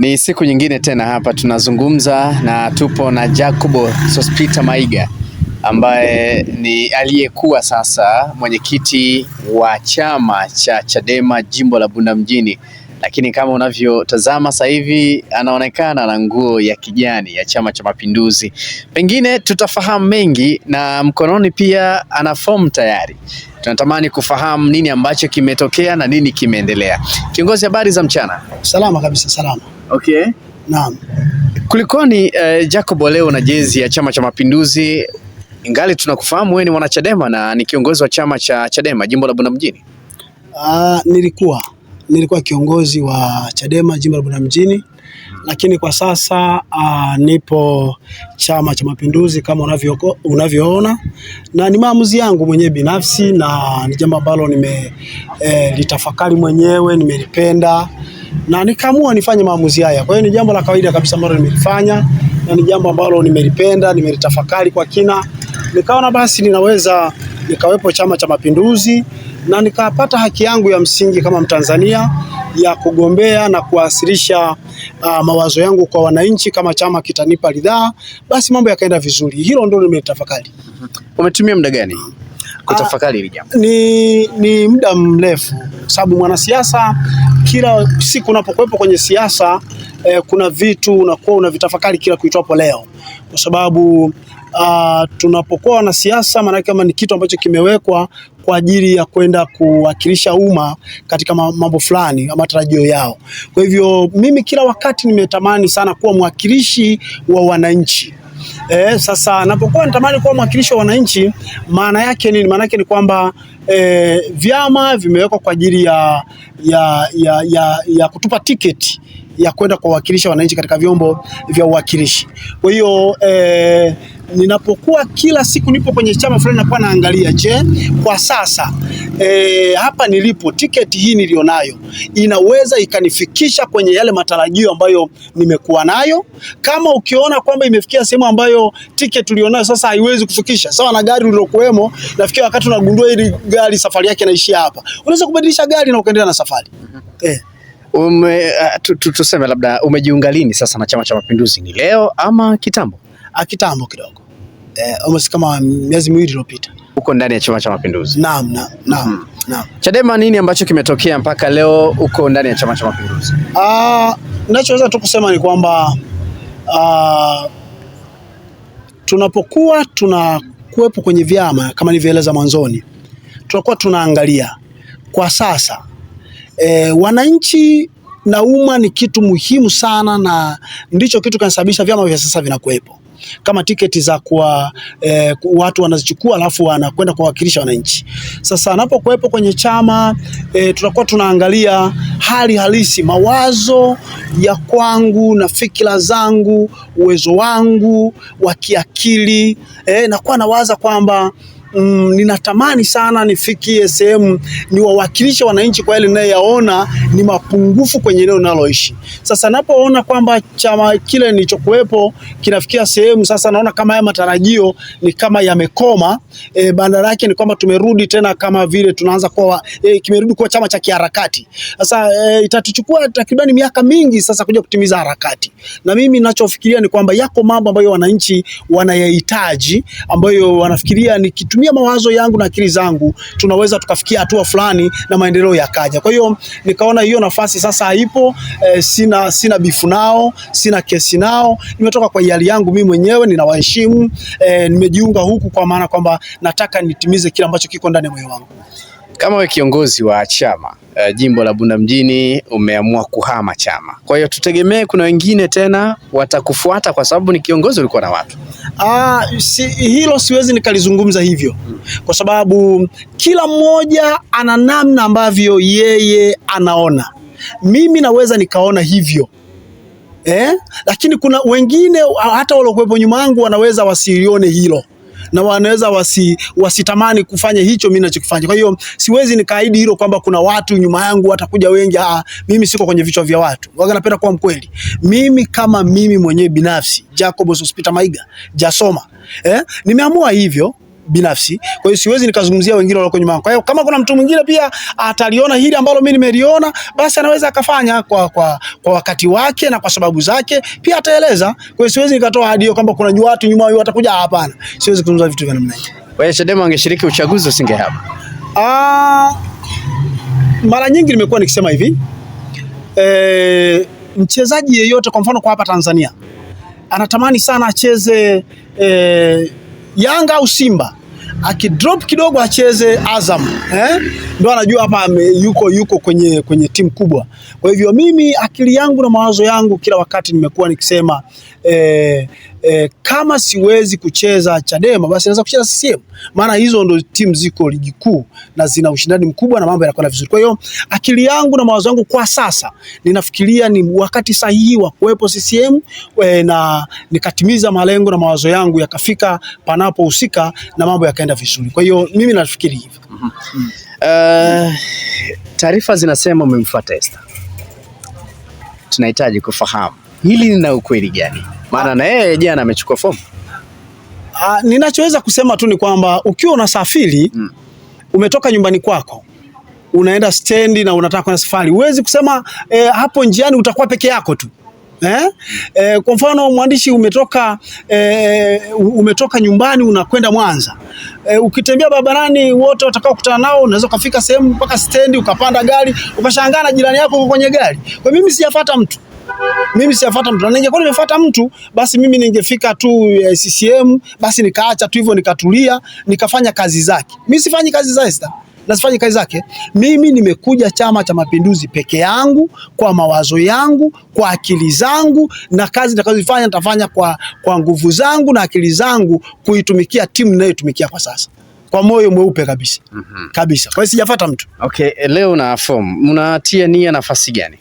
Ni siku nyingine tena hapa tunazungumza na tupo na Jacobo Sospita Maiga ambaye ni aliyekuwa sasa mwenyekiti wa chama cha Chadema jimbo la Bunda mjini, lakini kama unavyotazama sasa hivi anaonekana na nguo ya kijani ya Chama cha Mapinduzi. Pengine tutafahamu mengi, na mkononi pia ana fomu tayari. Tunatamani kufahamu nini ambacho kimetokea na nini kimeendelea. Kiongozi, habari za mchana? Salama kabisa, salama. Okay. Naam. Kulikoni uh, Jacob leo na jezi ya Chama cha Mapinduzi, ingali tunakufahamu wewe ni mwanachadema na ni kiongozi wa chama cha Chadema jimbo la Bunda mjini. Uh, nilikuwa nilikuwa kiongozi wa Chadema jimbo la Bunda mjini, lakini kwa sasa uh, nipo Chama cha Mapinduzi kama unavyo, unavyoona na ni maamuzi yangu mwenyewe binafsi na ni jambo ambalo nimelitafakari eh, mwenyewe nimelipenda na nikaamua nifanye maamuzi haya. Kwa hiyo ni jambo la kawaida kabisa ambalo nimelifanya na ni jambo ambalo nimelipenda, nimelitafakari kwa kina, nikaona basi ninaweza nikawepo Chama cha Mapinduzi na nikapata haki yangu ya msingi kama Mtanzania ya kugombea na kuwasilisha uh, mawazo yangu kwa wananchi. Kama chama kitanipa ridhaa, basi mambo yakaenda vizuri. Hilo ndio nimetafakari. Umetumia muda gani? kutafakari hili ah, jambo? Ni, ni muda mrefu, sababu mwanasiasa kila siku unapokuwepo kwenye siasa eh, kuna vitu unakuwa unavitafakari kila kuitwapo leo, kwa sababu Uh, tunapokuwa wanasiasa maanake kama ni kitu ambacho kimewekwa kwa ajili ya kwenda kuwakilisha umma katika mambo fulani ama matarajio yao. Kwa hivyo mimi kila wakati nimetamani sana kuwa mwakilishi wa wananchi E, sasa napokuwa natamani kuwa mwakilishi wa wananchi, maana yake nini? Maana yake ni kwamba e, vyama vimewekwa kwa ajili ya, ya, ya, ya, ya kutupa tiketi ya kwenda kuwawakilisha wananchi katika vyombo vya uwakilishi. Kwa hiyo e, ninapokuwa kila siku nipo kwenye chama fulani nakuwa naangalia, je, kwa sasa e, hapa nilipo tiketi hii nilionayo inaweza ikanifikisha kwenye yale matarajio ambayo nimekuwa nayo. Kama ukiona kwamba imefikia sehemu ambayo tiketi ulionayo sasa haiwezi kufikisha, sawa na gari ulilokuwemo, nafikia wakati unagundua hili gari safari yake inaishia hapa, unaweza kubadilisha gari na ukaendelea na safari mhm. eh. Ume, eh, tuseme labda umejiunga lini sasa na Chama cha Mapinduzi, ni leo ama kitambo? Ah, kitambo kidogo eh, kama miezi miwili iliyopita wako ndani ya Chama cha Mapinduzi. Naam, naam, naam, hmm. naam. Chadema, nini ambacho kimetokea mpaka leo uko ndani ya Chama cha Mapinduzi? Ah, ninachoweza tu kusema ni kwamba ah, tunapokuwa tunakuwepo kwenye vyama kama nilivyoeleza mwanzoni, tunakuwa tunaangalia kwa sasa e, wananchi na umma ni kitu muhimu sana, na ndicho kitu kinasababisha vyama vya sasa vinakuwepo kama tiketi za kwa eh, watu wanazichukua alafu wanakwenda kuwakilisha wananchi. Sasa anapokuwepo kwenye chama eh, tutakuwa tunaangalia hali halisi, mawazo ya kwangu na fikira zangu, uwezo wangu wa kiakili eh, nakuwa nawaza kwamba mm, ninatamani sana nifikie sehemu niwawakilishe wananchi kwa yale ninayoyaona ni mapungufu kwenye eneo ninaloishi. Sasa napoona kwamba chama kile nilichokuwepo kinafikia sehemu sasa, naona kama haya matarajio ni kama yamekoma, e, badala yake ni kwamba tumerudi tena kama vile tunaanza kuwa e, kimerudi kuwa chama cha kiharakati. Sasa e, itatuchukua takribani miaka mingi sasa kuja kutimiza harakati, na mimi ninachofikiria ni kwamba yako mambo ambayo wananchi wanayahitaji ambayo wanafikiria ni kitu nikitumia mawazo yangu na akili zangu tunaweza tukafikia hatua fulani na maendeleo yakaja. Kwa hiyo nikaona hiyo nafasi sasa haipo. E, sina sina bifu nao, sina kesi nao, nimetoka kwa hiari yangu mimi mwenyewe, ninawaheshimu. E, nimejiunga huku kwa maana kwamba nataka nitimize kile ambacho kiko ndani ya moyo wangu. Kama we kiongozi wa chama uh, jimbo la Bunda mjini umeamua kuhama chama, kwa hiyo tutegemee kuna wengine tena watakufuata kwa sababu ni kiongozi ulikuwa na watu ah, si, hilo siwezi nikalizungumza hivyo kwa sababu kila mmoja ana namna ambavyo yeye anaona. Mimi naweza nikaona hivyo eh? Lakini kuna wengine hata waliokuwepo nyuma yangu wanaweza wasilione hilo na wanaweza wasi, wasitamani kufanya hicho mimi ninachokifanya. Kwa hiyo siwezi nikaahidi hilo kwamba kuna watu nyuma yangu watakuja wengi. Ah, mimi siko kwenye vichwa vya watu. Waga napenda kuwa mkweli. Mimi kama mimi mwenyewe binafsi Jacobus Hospita Maiga jasoma, eh, nimeamua hivyo binafsi. Kwa hiyo siwezi nikazungumzia wengine walio nyuma yangu. Kwa hiyo kama kuna mtu mwingine pia ataliona hili ambalo mimi nimeliona, basi anaweza akafanya kwa, kwa, kwa wakati wake na kwa sababu zake pia ataeleza. Kwa hiyo siwezi nikatoa ahadi kwamba kuna watu nyuma hiyo watakuja, hapana. Siwezi kuzungumza vitu vya namna hiyo. Kwa hiyo Chadema angeshiriki uchaguzi usinge hapa. Ah, mara nyingi nimekuwa nikisema hivi e, mchezaji yeyote kwa mfano kwa hapa Tanzania anatamani sana acheze e, Yanga au Simba akidrop kidogo acheze Azam eh? Ndo anajua hapa yuko yuko kwenye, kwenye timu kubwa. Kwa hivyo mimi akili yangu na mawazo yangu kila wakati nimekuwa nikisema eh, e, kama siwezi kucheza Chadema basi naweza kucheza CCM, maana hizo ndo timu ziko ligi kuu na zina ushindani mkubwa na mambo yanakwenda vizuri. Kwa hiyo akili yangu na mawazo yangu kwa sasa ninafikiria ni wakati sahihi wa kuwepo CCM e, eh, na nikatimiza malengo na mawazo yangu yakafika panapohusika na mambo yakaenda vizuri. Kwa hiyo mimi nafikiri hivyo. mm -hmm. Uh, taarifa zinasema umemfuata Esther, tunahitaji kufahamu hili lina ukweli gani? Maana na yeye jana amechukua fomu. Ah, ninachoweza kusema tu ni kwamba ukiwa unasafiri mm. umetoka nyumbani kwako unaenda stendi na unataka kwenda safari, huwezi kusema eh, hapo njiani utakuwa peke yako tu eh? Eh, kwa mfano mwandishi, umetoka eh, umetoka nyumbani unakwenda Mwanza eh, ukitembea barabarani wote watakao kukutana nao, unaweza ukafika sehemu mpaka stendi ukapanda gari ukashangaa na jirani yako uko kwenye gari. Kwa mimi sijafuata mtu mimi sijafuata mtu, na ningekuwa nimefuata mtu basi mimi ningefika tu eh, CCM basi nikaacha tu hivyo nikatulia nikafanya kazi zake. Mimi sifanyi kazi za Esther na sifanyi kazi zake. Mimi nimekuja Chama cha Mapinduzi peke yangu kwa mawazo yangu kwa akili zangu, na kazi nitakazofanya nitafanya kwa, kwa nguvu zangu na akili zangu kuitumikia timu ninayotumikia kwa sasa kwa moyo mweupe kabisa. Mm -hmm. Kabisa. Kwa hiyo sijafuata mtu. Okay, leo na form. Mnatia nia nafasi gani?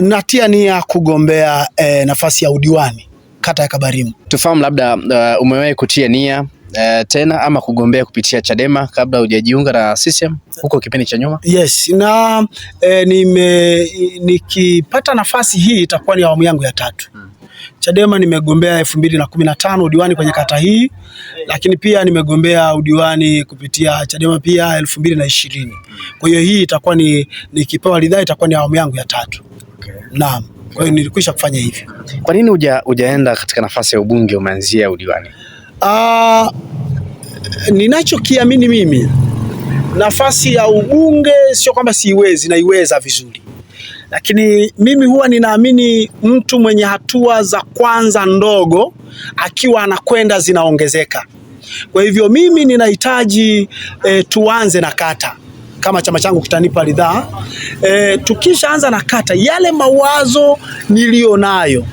natia nia kugombea e, nafasi ya udiwani kata ya Kabarimu. Tufahamu labda uh, umewahi kutia nia Uh, tena ama kugombea kupitia Chadema kabla hujajiunga na CCM huko kipindi cha nyuma? Yes, na e, nime nikipata nafasi hii itakuwa ni awamu yangu ya tatu. Hmm. Chadema nimegombea elfu mbili na kumi na tano udiwani kwenye kata hii, lakini pia nimegombea udiwani kupitia Chadema pia elfu mbili na ishirini. Hmm. Kwa hiyo hii itakuwa ni nikipewa ridhaa itakuwa ni awamu yangu ya tatu. Naam. Kwa hiyo nilikwisha kufanya hivyo. Kwa nini uja, ujaenda katika nafasi ya ubunge umeanzia udiwani? Ah, ninachokiamini mimi nafasi ya ubunge sio kwamba siiwezi, naiweza vizuri, lakini mimi huwa ninaamini mtu mwenye hatua za kwanza ndogo akiwa anakwenda zinaongezeka. Kwa hivyo mimi ninahitaji e, tuanze na kata kama chama changu kitanipa ridhaa. E, tukishaanza na kata, yale mawazo niliyonayo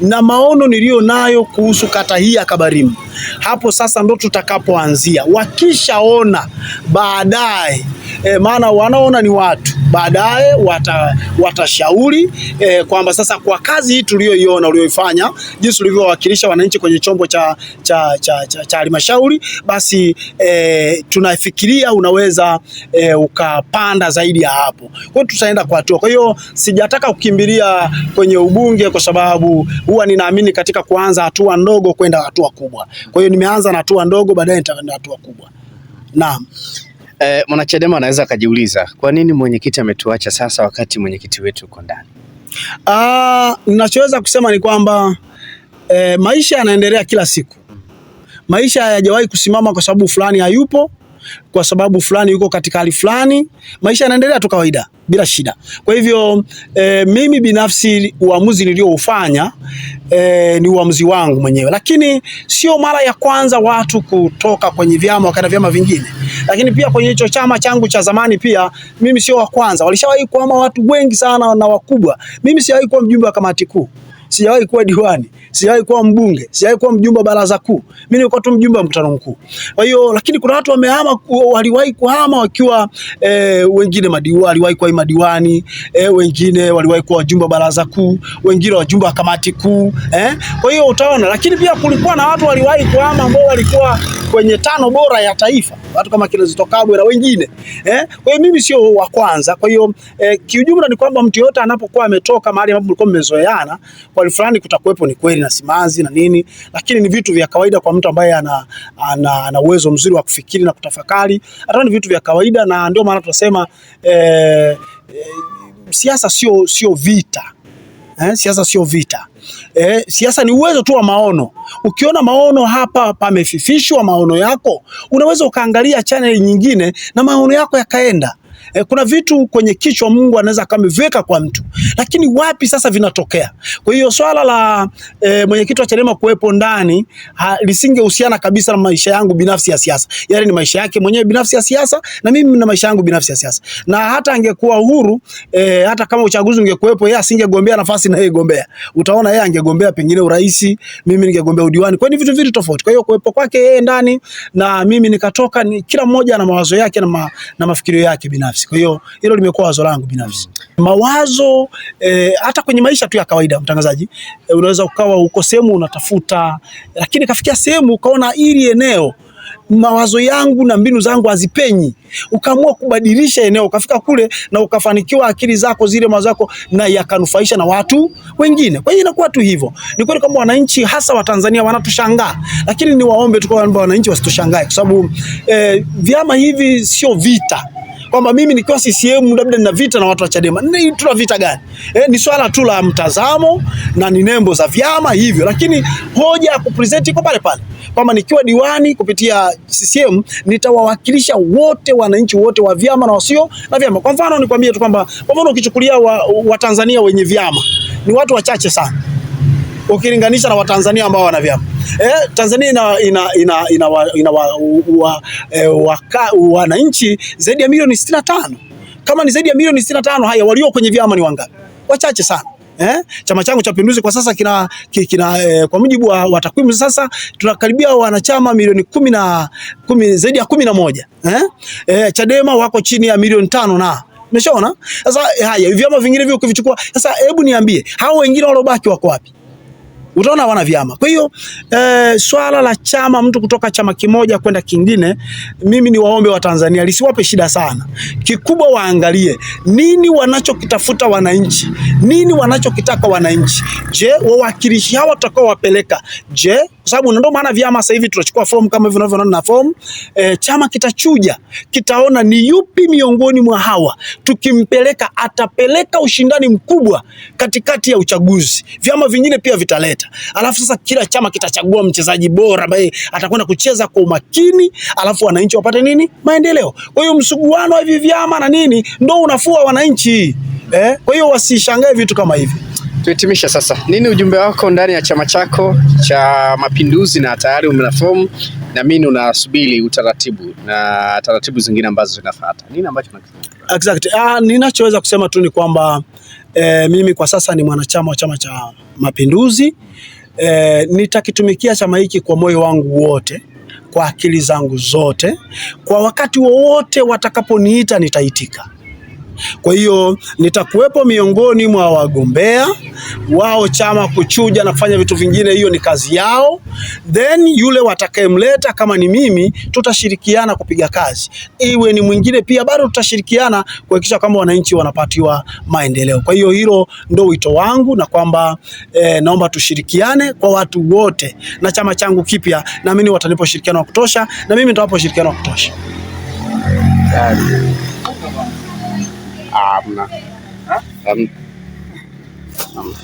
na maono niliyo nayo kuhusu kata hii ya Kabarimu. Hapo sasa ndo tutakapoanzia, wakishaona baadaye E, maana wanaona ni watu baadaye watashauri wata eh, e, kwamba sasa kwa kazi hii tuliyoiona ulioifanya jinsi ulivyowakilisha wananchi kwenye chombo cha cha cha cha halmashauri, basi e, tunafikiria unaweza e, ukapanda zaidi ya hapo. Kwa hiyo tutaenda kwa hatua. Kwa hiyo sijataka kukimbilia kwenye ubunge kwa sababu huwa ninaamini katika kuanza hatua ndogo kwenda hatua kubwa. Kwa hiyo nimeanza na hatua ndogo, baadaye nitaenda hatua kubwa. Naam. Eh, mwanachadema anaweza akajiuliza kwa nini mwenyekiti ametuacha sasa wakati mwenyekiti wetu uko ndani. Ah, ninachoweza kusema ni kwamba eh, maisha yanaendelea kila siku. Maisha hayajawahi kusimama kwa sababu fulani hayupo kwa sababu fulani yuko katika hali fulani, maisha yanaendelea tu kawaida bila shida. Kwa hivyo e, mimi binafsi uamuzi niliyoufanya e, eh, ni uamuzi wangu mwenyewe, lakini sio mara ya kwanza watu kutoka kwenye vyama wakaenda vyama vingine, lakini pia kwenye hicho chama changu cha zamani pia mimi sio wa kwanza, walishawahi kuhama watu wengi sana na wakubwa. Mimi siwahi kuwa mjumbe wa kamati kuu sijawahi kuwa diwani, sijawahi kuwa mbunge, sijawahi kuwa mjumbe baraza kuu. Mimi nilikuwa tu mjumbe wa mkutano mkuu. Kwa hiyo, lakini kuna watu wamehama, waliwahi kuhama wakiwa e, wengine madiwani, waliwahi kuwa madiwani e, wengine waliwahi kuwa wajumbe wa baraza kuu, wengine wajumbe wa kamati kuu eh. Kwa hiyo utaona, lakini pia kulikuwa na watu waliwahi kuhama ambao walikuwa kwenye tano bora ya taifa watu kama kina Zitto Kabwe na wengine eh. Kwa hiyo mimi sio wa kwanza. Kwa hiyo eh, kiujumla ni kwamba mtu yote anapokuwa ametoka mahali ambapo mlikuwa mmezoeana kwa fulani, kutakuwepo ni kweli na simanzi na nini, lakini ni vitu vya kawaida kwa mtu ambaye ana ana uwezo mzuri wa kufikiri na kutafakari, hata ni vitu vya kawaida, na ndio maana tunasema eh, eh, siasa sio sio vita. Eh, siasa sio vita. Eh, siasa ni uwezo tu wa maono. Ukiona maono hapa pamefifishwa maono yako, unaweza ukaangalia chaneli nyingine na maono yako yakaenda. E, kuna vitu kwenye kichwa Mungu anaweza akaviweka kwa mtu, lakini wapi sasa vinatokea? Kwa hiyo swala la e, mwenyekiti wa Chadema kuwepo ndani lisingehusiana kabisa na maisha yangu binafsi ya siasa. Yale yaani ni maisha yake mwenyewe binafsi ya siasa na mimi na maisha yangu binafsi ya siasa. Na hata angekuwa huru e, hata kama uchaguzi ungekuwepo, yeye asingegombea nafasi na yeye gombea. Utaona yeye angegombea pengine urais, mimi ningegombea udiwani. Kwa hiyo vitu vitu tofauti. Kwa hiyo kuwepo kwake yeye ndani na mimi nikatoka, ni kila mmoja na mawazo yake na, ma, na mafikirio yake binafsi binafsi. Kwa hiyo hilo limekuwa wazo langu binafsi. Mm. Mawazo eh, hata kwenye maisha tu ya kawaida mtangazaji, eh, unaweza ukawa uko sehemu unatafuta, lakini kafikia sehemu ukaona ili eneo mawazo yangu na mbinu zangu hazipenyi, ukaamua kubadilisha eneo, ukafika kule na ukafanikiwa, akili zako zile mawazo yako na yakanufaisha na watu wengine. Kwa hiyo inakuwa tu hivyo. Ni kweli kwamba wananchi hasa wa Tanzania wanatushangaa, lakini niwaombe tu kwamba wananchi wasitushangae, kwa sababu eh, vyama hivi sio vita kwamba mimi nikiwa CCM labda nina vita na watu wa Chadema. Ni tuna vita gani? Eh, ni swala tu la mtazamo na ni nembo za vyama hivyo, lakini hoja ya kupresent iko pale pale kwamba nikiwa diwani kupitia CCM nitawawakilisha wote wananchi wote wa vyama na wasio na vyama. Kwa mfano nikwambie tu kwamba kwa mfano ukichukulia Watanzania wa wenye vyama ni watu wachache sana ukilinganisha na Watanzania ambao wana vyama eh. Tanzania ina ina ina, ina, wa, ina wa, wa, eh, waka, wananchi zaidi ya milioni tano. Kama ni zaidi ya milioni tano, haya walio kwenye vyama ni wangapi? Wachache sana. Eh, Chama changu cha Pinduzi kwa sasa kina, kina eh, kwa mujibu wa, wa takwimu sasa tunakaribia wanachama milioni kumi na kumi, zaidi ya kumi na moja eh? Eh, Chadema wako chini ya milioni tano na umeshaona sasa. Haya vyama vingine vyo kuvichukua sasa, hebu niambie hao wengine walobaki wako wapi? utaona wana vyama. Kwa hiyo e, swala la chama, mtu kutoka chama kimoja kwenda kingine, mimi ni waombe wa Tanzania lisiwape shida sana. Kikubwa waangalie nini wanachokitafuta wananchi, nini wanachokitaka wananchi. Je, wawakilishi hao watakao wapeleka, je kwa sababu ndio maana vyama sasa hivi tunachukua form kama hivi unavyoona na form e, chama kitachuja, kitaona ni yupi miongoni mwa hawa tukimpeleka atapeleka ushindani mkubwa katikati ya uchaguzi. Vyama vingine pia vitaleta, alafu sasa kila chama kitachagua mchezaji bora ambaye atakwenda kucheza kwa umakini, alafu wananchi wapate nini? Maendeleo. Kwa hiyo msuguano wa hivi vyama na nini ndio unafua wananchi eh. Kwa hiyo wasishangae vitu kama hivi. Tuhitimisha sasa, nini ujumbe wako ndani ya chama chako cha Mapinduzi na tayari una fomu na mimi unasubiri utaratibu na taratibu zingine ambazo zinafuata, nini ambacho unakisema? Exactly. Ah, ninachoweza kusema tu ni kwamba eh, mimi kwa sasa ni mwanachama wa chama cha Mapinduzi eh, nitakitumikia chama hiki kwa moyo wangu wote kwa akili zangu zote, kwa wakati wowote watakaponiita nitaitika. Kwa hiyo nitakuwepo miongoni mwa wagombea wao, chama kuchuja na kufanya vitu vingine, hiyo ni kazi yao. Then yule watakayemleta kama ni mimi, tutashirikiana kupiga kazi, iwe ni mwingine pia, bado tutashirikiana kuhakikisha kwamba wananchi wanapatiwa maendeleo. Kwa hiyo hilo ndo wito wangu, na kwamba eh, naomba tushirikiane kwa watu wote na chama changu kipya, naamini watanipa ushirikiano wa kutosha, na mimi nitawapa ushirikiano wa kutosha. ามนะทำ